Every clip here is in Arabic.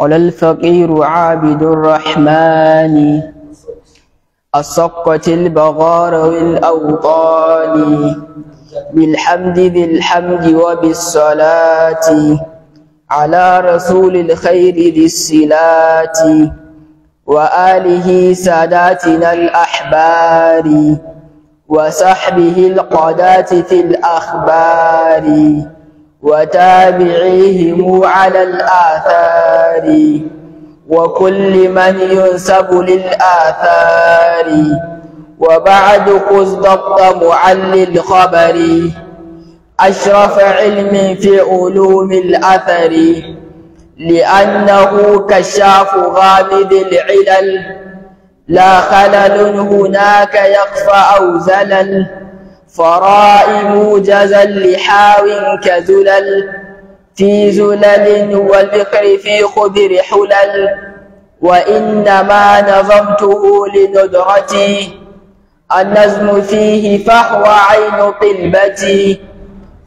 قال الفقير عابد الرحمن أصقت البغار والأوطان بالحمد ذي الحمد وبالصلاة على رسول الخير ذي السلات وآله ساداتنا الأحبار وصحبه القادات في الأخبار وتابعيهم على الآثار وكل من ينسب للآثار وبعد قز ضبط معل الخبر أشرف علم في علوم الأثر لأنه كشاف غامض العلل لا خلل هناك يخفى أو زلل فراء موجزا لحاو كذلل في زلل والبقر في خبر حلل وإنما نظمته لندرتي النزم فيه فهو عين قلبتي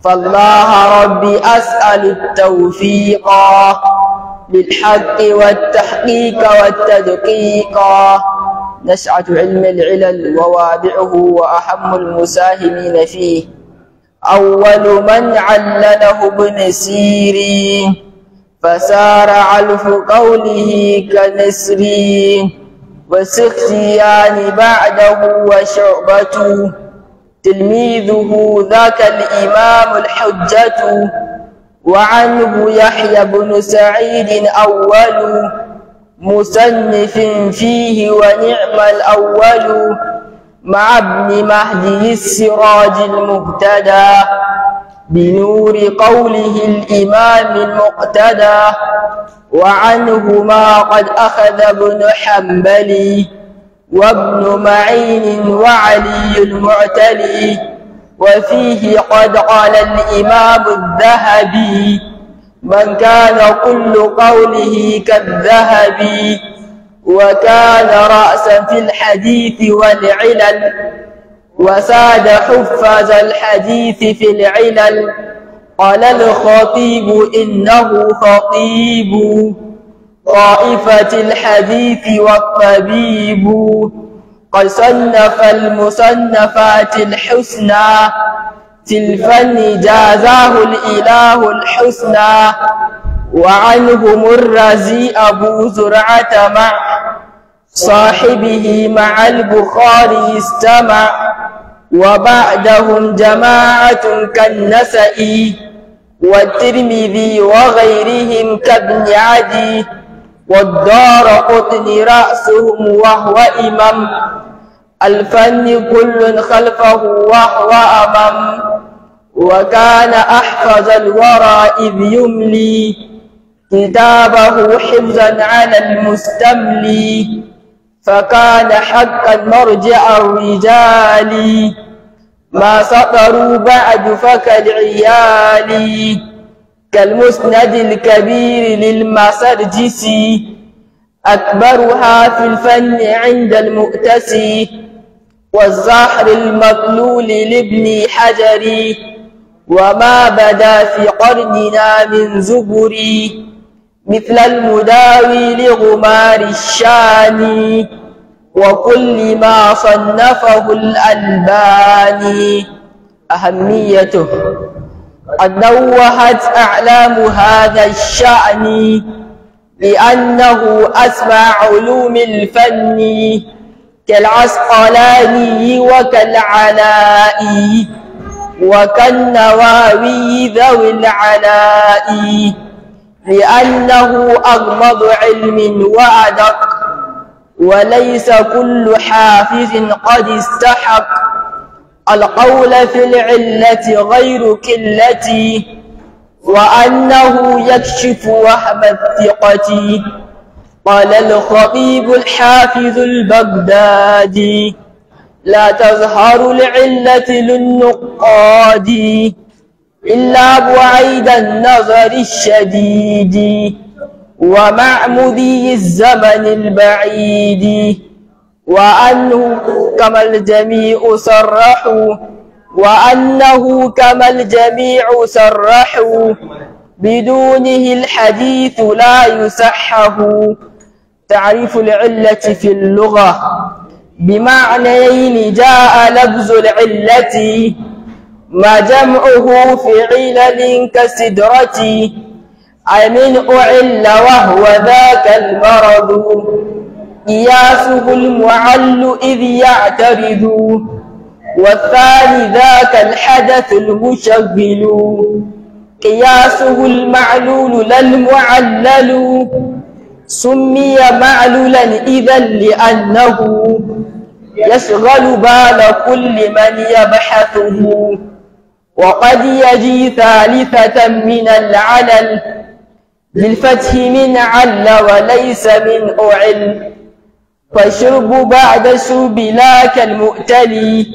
فالله ربي أسأل التوفيق للحق والتحقيق والتدقيق نسعة علم العلل ووابعه وأهم المساهمين فيه أول من علله ابن سيري فسار علف قوله كنسري وسختيان بعده وشعبة تلميذه ذاك الإمام الحجة وعنه يحيى بن سعيد أول مصنف فيه ونعم الأول مع ابن مهدي السراج المهتدى بنور قوله الإمام المقتدى وعنهما قد أخذ ابن حنبل وابن معين وعلي المعتلي وفيه قد قال الإمام الذهبي من كان كل قوله كالذهب وكان رأسا في الحديث والعلل وساد حفاز الحديث في العلل قال الخطيب إنه خطيب طائفة الحديث والطبيب قد صنف المصنفات الحسنى تلفن جازاه الإله الحسنى وعنهم الرزي أبو زرعة مع صاحبه مع البخاري استمع وبعدهم جماعة كالنسئ والترمذي وغيرهم كابن عدي والدار قطن رأسهم وهو إمام الفن كل خلفه وهو أمام وكان أحفظ الورى إذ يملي كتابه حفظا على المستملي فكان حقا مرجع الرجال ما سطروا بعد فكالعيال كالمسند الكبير للمسرجسي أكبرها في الفن عند المؤتسي والزهر المبلول لابن حجري وما بدا في قرننا من زبري مثل المداوي لغمار الشان وكل ما صنفه الألباني أهميته قد نوهت أعلام هذا الشأن لأنه أسمى علوم الفن كالعسقلاني وكالعنائي وكالنواوي ذوي العناء لأنه أغمض علم وأدق وليس كل حافظ قد استحق القول في العلة غير كلتي وأنه يكشف وهم الثقة قال الخطيب الحافظ البغدادي لا تظهر العلة للنقاد إلا بعيد النظر الشديد ومع مضي الزمن البعيد وأنه كما الجميع صرحوا وأنه كما الجميع صرحوا بدونه الحديث لا يصحه تعريف العلة في اللغة بمعنيين جاء لفظ العلة ما جمعه في علل كسدرة أي من أعل وهو ذاك المرض قياسه المعل إذ يعترض والثاني ذاك الحدث المشغل قياسه المعلول لا المعلل سمي معلولا إذا لأنه يشغل بال كل من يبحثه وقد يجي ثالثة من العلل للفتح من عل وليس من أعل فشرب بعد شرب لا كالمؤتلي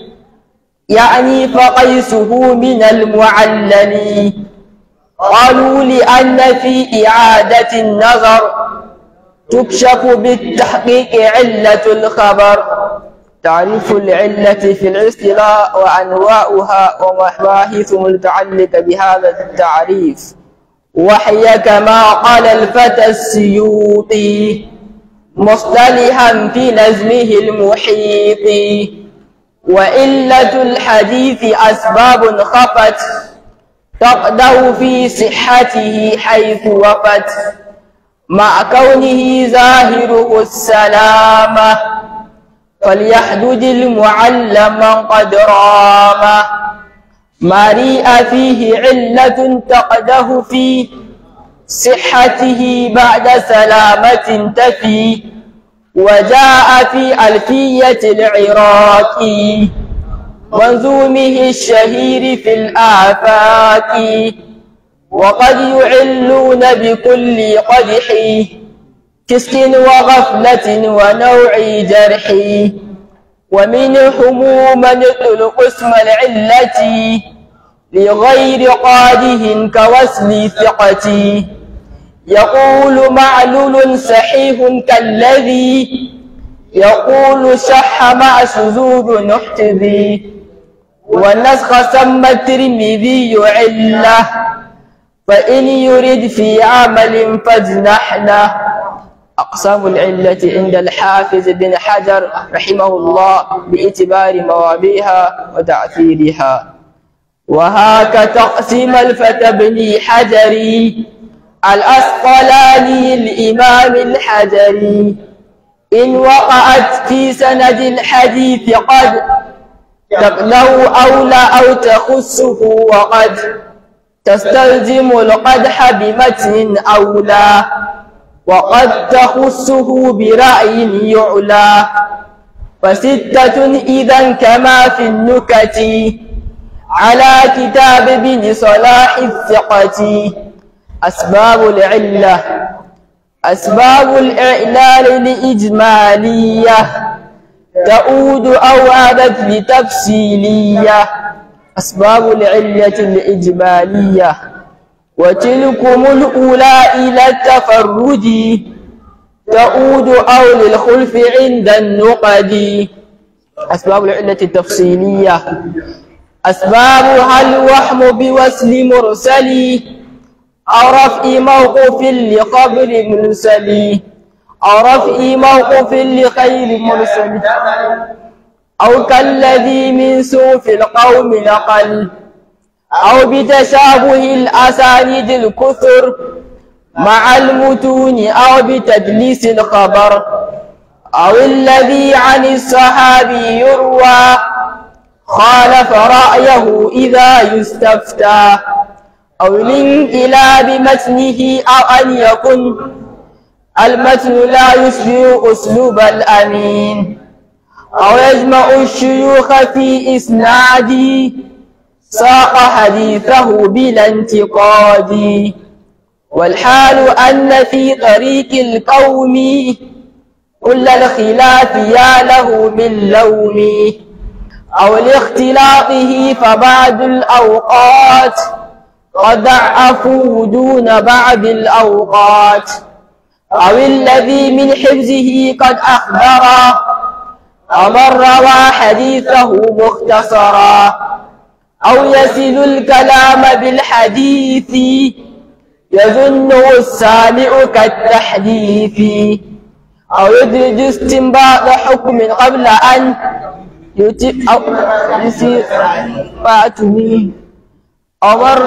يعني فقيسه من المعلل قالوا لأن في إعادة النظر تكشف بالتحقيق علة الخبر تعريف العلة في الاصطلاع وأنواعها ومباحث متعلقة بهذا التعريف وحي كما قال الفتى السيوطي مصطلحا في نزله المحيط وإلة الحديث أسباب خفت تقدر في صحته حيث وفت مع كونه ظاهره السلامة فليحدد المعلم قد رام ما ريئ فيه علة تقده في صحته بعد سلامة تفي وجاء في ألفية العراق منظومه الشهير في الآفاق وقد يعلون بكل قدح كسك وغفلة ونوع جرح ومنهم من يطلق اسم العلة لغير قاده كوسل ثقة يقول معلول صحيح كالذي يقول صح مع شذوذ نحتذي والنسخ سمى الترمذي عله فإن يرد في عمل فاجنحنا أقسام العلة عند الحافظ بن حجر رحمه الله بإتبار موابيها وتعثيرها وهاك تقسيم الفتى بن حجري الأسقلاني الإمام الحجري إن وقعت في سند الحديث قد تقلو أولى أو تخصه وقد تستلزم القدح بمتن أولى وقد تخصه برأي يعلى فستة إذا كما في النكت على كتاب ابن صلاح الثقة أسباب العلة أسباب الإعلال لإجمالية تعود أو عادت لتفصيلية أسباب العلة الإجمالية وتلكم الأولى إلى التفرد تعود أو للخلف عند النقد أسباب العلة التفصيلية أسبابها الوحم بوسل مرسل أو رفع موقف لقبل مرسل أو رفع موقف لخير مرسل أو كالذي من سوف القوم نقل أو بتشابه الأسانيد الكثر مع المتون أو بتدليس الخبر أو الذي عن الصحابي يروى خالف رأيه إذا يستفتى أو إلى بمتنه أو أن يكن المتن لا يشبه أسلوب الأمين أو يجمع الشيوخ في إسنادي ساق حديثه بلا انتقاد والحال أن في طريق القوم كل الخلاف يا له من لوم أو لاختلاطه فبعض الأوقات قد ضعفوا دون بعض الأوقات أو الذي من حفظه قد أخبره أمر روى حديثه مختصرا أو يسل الكلام بالحديث يظنه السامع كالتحديث أو يدرج استنباط حكم قبل أن يتم أو يسير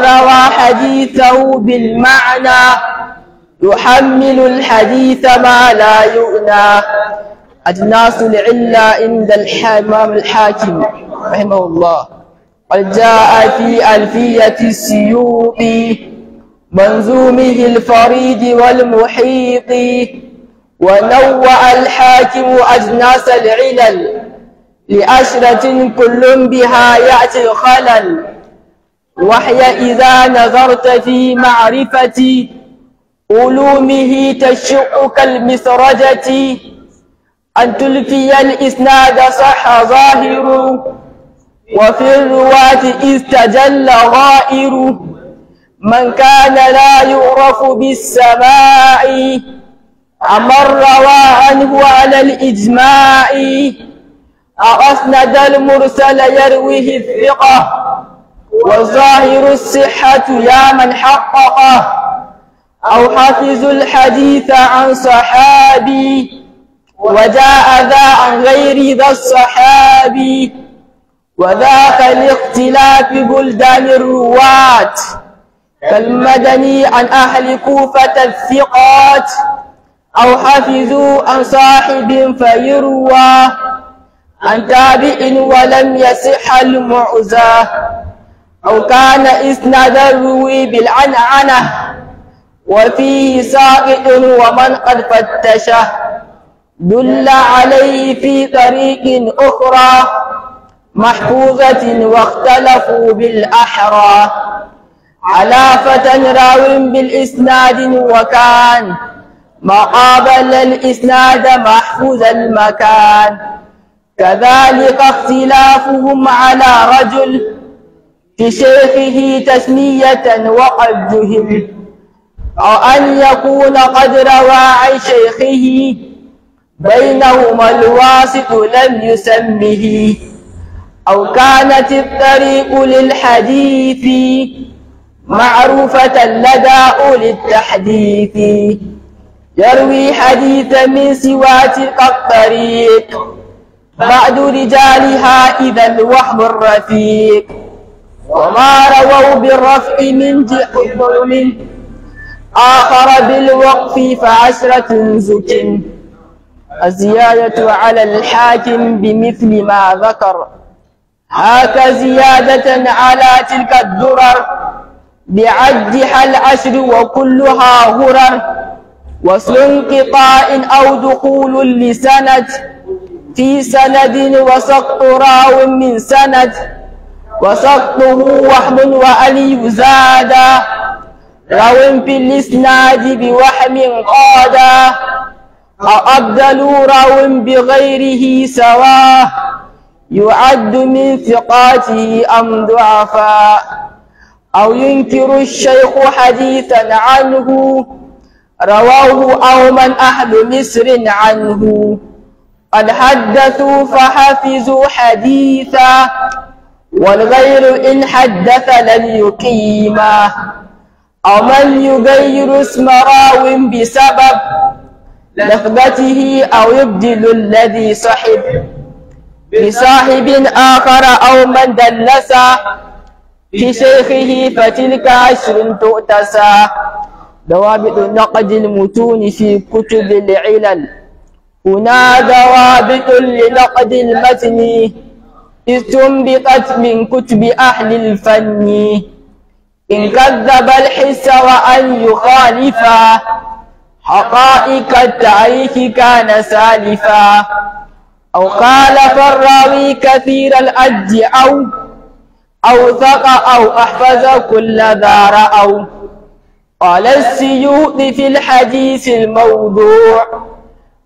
روى حديثه بالمعنى يحمل الحديث ما لا يؤنى أجناس العلة عند الإمام الحاكم رحمه الله قد جاء في ألفية السيوط منظومه الفريد والمحيط ونوع الحاكم أجناس العلل لأشرة كل بها يأتي الخلل وحي إذا نظرت في معرفة علومه تشق كالمسرجة أن تلقي الإسناد صح ظاهر وفي الرواة استجل غائر من كان لا يعرف بالسماء أمر روى عنه على الإجماع أسند المرسل يرويه الثقة وظاهر الصحة يا من حققه أو حفظ الحديث عن صحابي وجاء ذا عن غير ذا الصحابي وذاك لاختلاف بلدان الرواة كالمدني عن أهل كوفة الثقات أو حفظوا عن صاحب فيروى عن تابع ولم يصح المعزى أو كان إسناد الروي بالعنعنة وفيه ساقط ومن قد فتشه دل عليه في طريق أخرى محفوظة واختلفوا بالأحرى على فتى راو بالإسناد وكان ما قابل الإسناد محفوظ المكان كذلك اختلافهم على رجل في شيخه تسمية وقد جهل أو أن يكون قد روى عن شيخه بينهما الواسط لم يسمه أو كانت الطريق للحديث معروفة لدى أولي التحديث يروي حديث من سوى تلك الطريق بعد رجالها إذا الوهم الرفيق وما رووا بالرفع من من آخر بالوقف فعشرة زكٍ الزيادة على الحاكم بمثل ما ذكر هاك زيادة على تلك الدرر بعدها العشر وكلها هرر وصل انقطاع أو دخول لسند في سند وسقط راو من سند وسقطه وحم وألي زاد راو في الإسناد بوحم قادا أبدل راو بغيره سواه يعد من ثقاته أم ضعفا أو ينكر الشيخ حديثا عنه رواه أو من أهل مصر عنه قد حدثوا فحفظوا حديثا والغير إن حدث لن يقيما أو من يغير اسم راو بسبب لفظته أو يبدل الذي صحب بصاحب آخر أو من دلس في شيخه فتلك عشر تؤتسى ضوابط نقد المتون في كتب العلل هنا ضوابط لنقد المتن استنبطت من كتب أهل الفن إن كذب الحس وأن يخالفا حقائق التعريف كان سالفا أو قال فالراوي كثير الأج أو أو ثق أو أحفظ كل ذا رأوا قال السيوط في الحديث الموضوع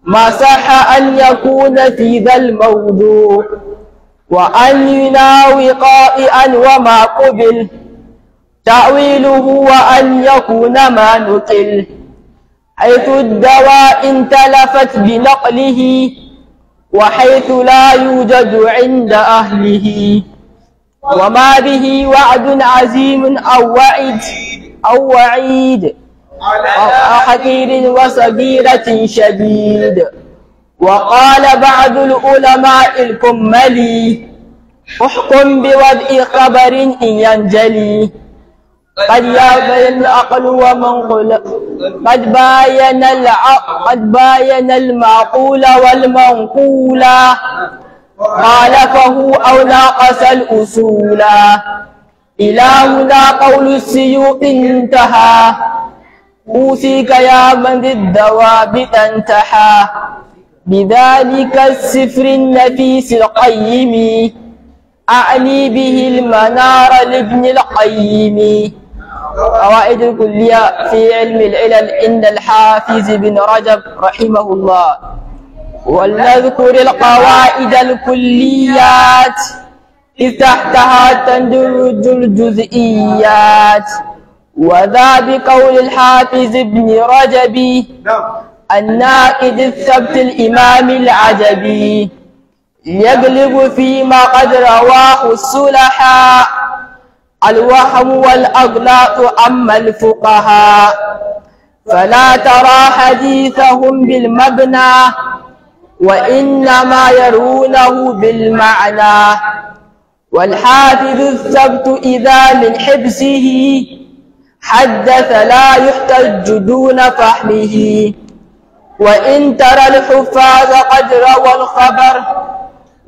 ما صح أن يكون في ذا الموضوع وأن يناوي قائئا وما قبل تأويله وأن يكون ما نقل حيث الدواء انتلفت بنقله وحيث لا يوجد عند أهله وما به وعد عزيم أو وعد أو وعيد أو حكير وصغيرة شديد وقال بعض العلماء الكملي احكم بوضع خبر إن ينجلي قد بين العقل ومن خلق قد باين العقل قد باين المعقول والمنقول خالفه أو ناقص الأصول إلهنا قول السيوط انتهى أوصيك يا من ذي تنتحى بذلك السفر النفيس القيم أعني به المنار لابن القيم قواعد الكلية في علم العلل عند الحافظ بن رجب رحمه الله ولنذكر القواعد الكليات إذ تحتها تندرج الجزئيات وذا بقول الحافظ بن رجب نعم. الناقد الثبت الإمام العجبي يغلب فيما قد رواه الصلحاء الوهم والأغلاط أما الفقهاء فلا ترى حديثهم بالمبنى وإنما يرونه بالمعنى والحافظ الثبت إذا من حبسه حدث لا يحتج دون فهمه وإن ترى الحفاظ قد روى الخبر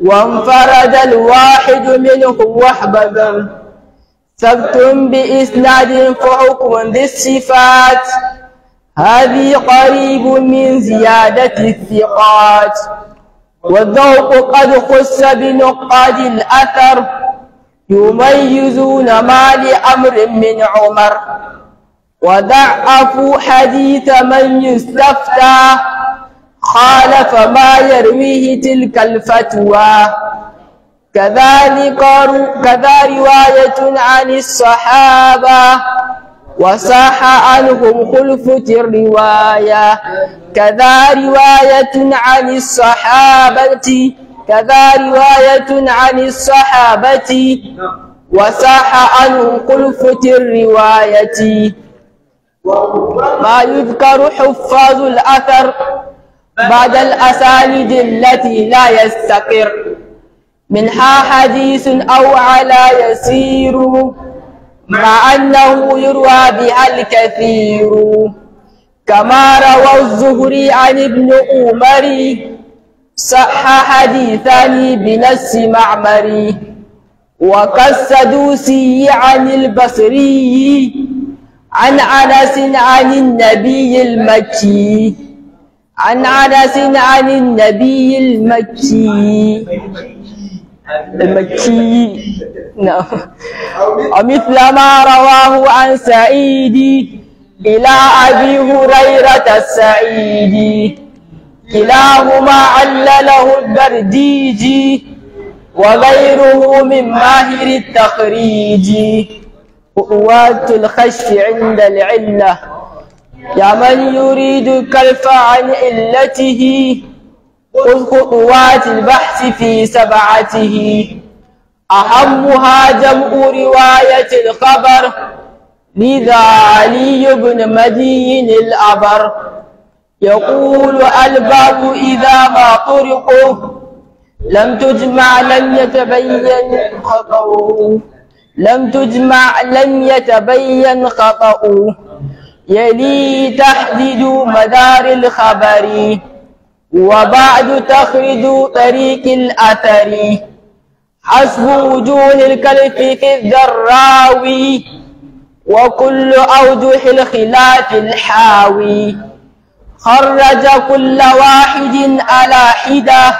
وانفرد الواحد منه واحبذا سبتم بإسناد فحكم ذي الصفات هذه قريب من زيادة الثقات والذوق قد خص بنقاد الأثر يميزون ما لأمر من عمر وضعفوا حديث من يستفتى خالف ما يرويه تلك الفتوى كذلك كذا رواية عن الصحابة وصح عنهم خلفة الرواية كذا رواية عن الصحابة كذا رواية عن الصحابة وصح عنهم خلفة الرواية ما يذكر حفاظ الأثر بعد الأسانيد التي لا يستقر منها حديث أو على يسير مع أنه يروى بها الكثير كما روى الزهري عن ابن عمر صح حديثان بنس معمر وكالسدوسي عن البصري عن أنس عن النبي المكي عن أنس عن النبي المكي المكي نعم ومثل ما رواه عن سعيد إلى أبي هريرة السعيد كلاهما علله البرديجي وغيره من ماهر التخريج قوات الخش عند العلة يا من يريد كلف عن علته خذ خطوات البحث في سبعته أهمها جمع رواية الخبر لذا علي بن مدي الأبر يقول الباب إذا ما طرقوا لم تجمع لم يتبين خطأه لم تجمع لم يتبين خطأه يلي تحدد مدار الخبر وبعد تخرج طريق الأثر حسب وجوه الكلف في الذراوي وكل أوجه الخلاف الحاوي خرج كل واحد على حدة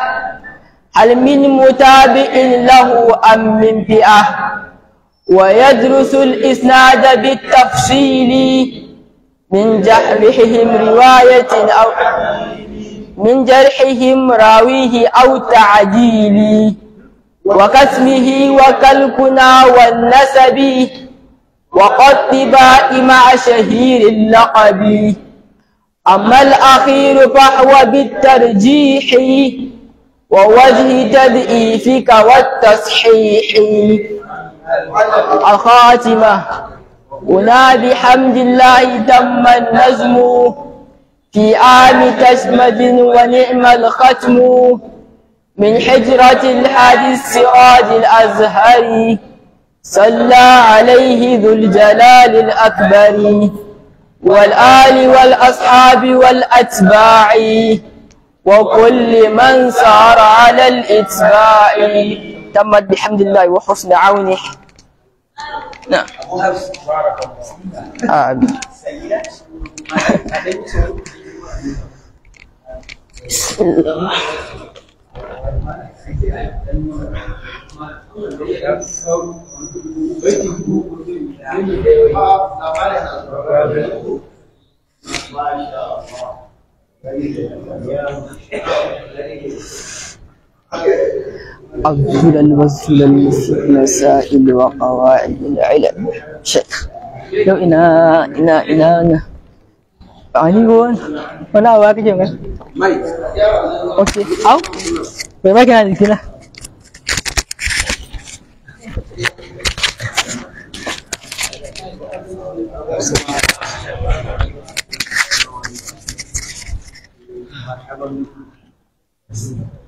هل من متابع له أم من فئة ويدرس الإسناد بالتفصيل من جحرهم رواية أو من جرحهم راويه أو تعديلي وكسمه وكالكنا والنسب وقد تباء مع شهير اللقب أما الأخير فهو بالترجيح ووجه تذئيفك والتصحيح الخاتمة هنا بحمد الله تم النزم في عام تشمد ونعم الختم من حجرة الحادي السراج الأزهر صلى عليه ذو الجلال الأكبر والآل والأصحاب والأتباع وكل من سار على الإتباع تمت بحمد الله وحسن عونه نعم آمين بسم الله أغفلا وزفلا المسائل وقواعد العلم شيخ لو إنا إنا إنا, إنا ở Ani gua, cái awak kerja kan? Okey, au, berapa kena di sini lah. Thank you.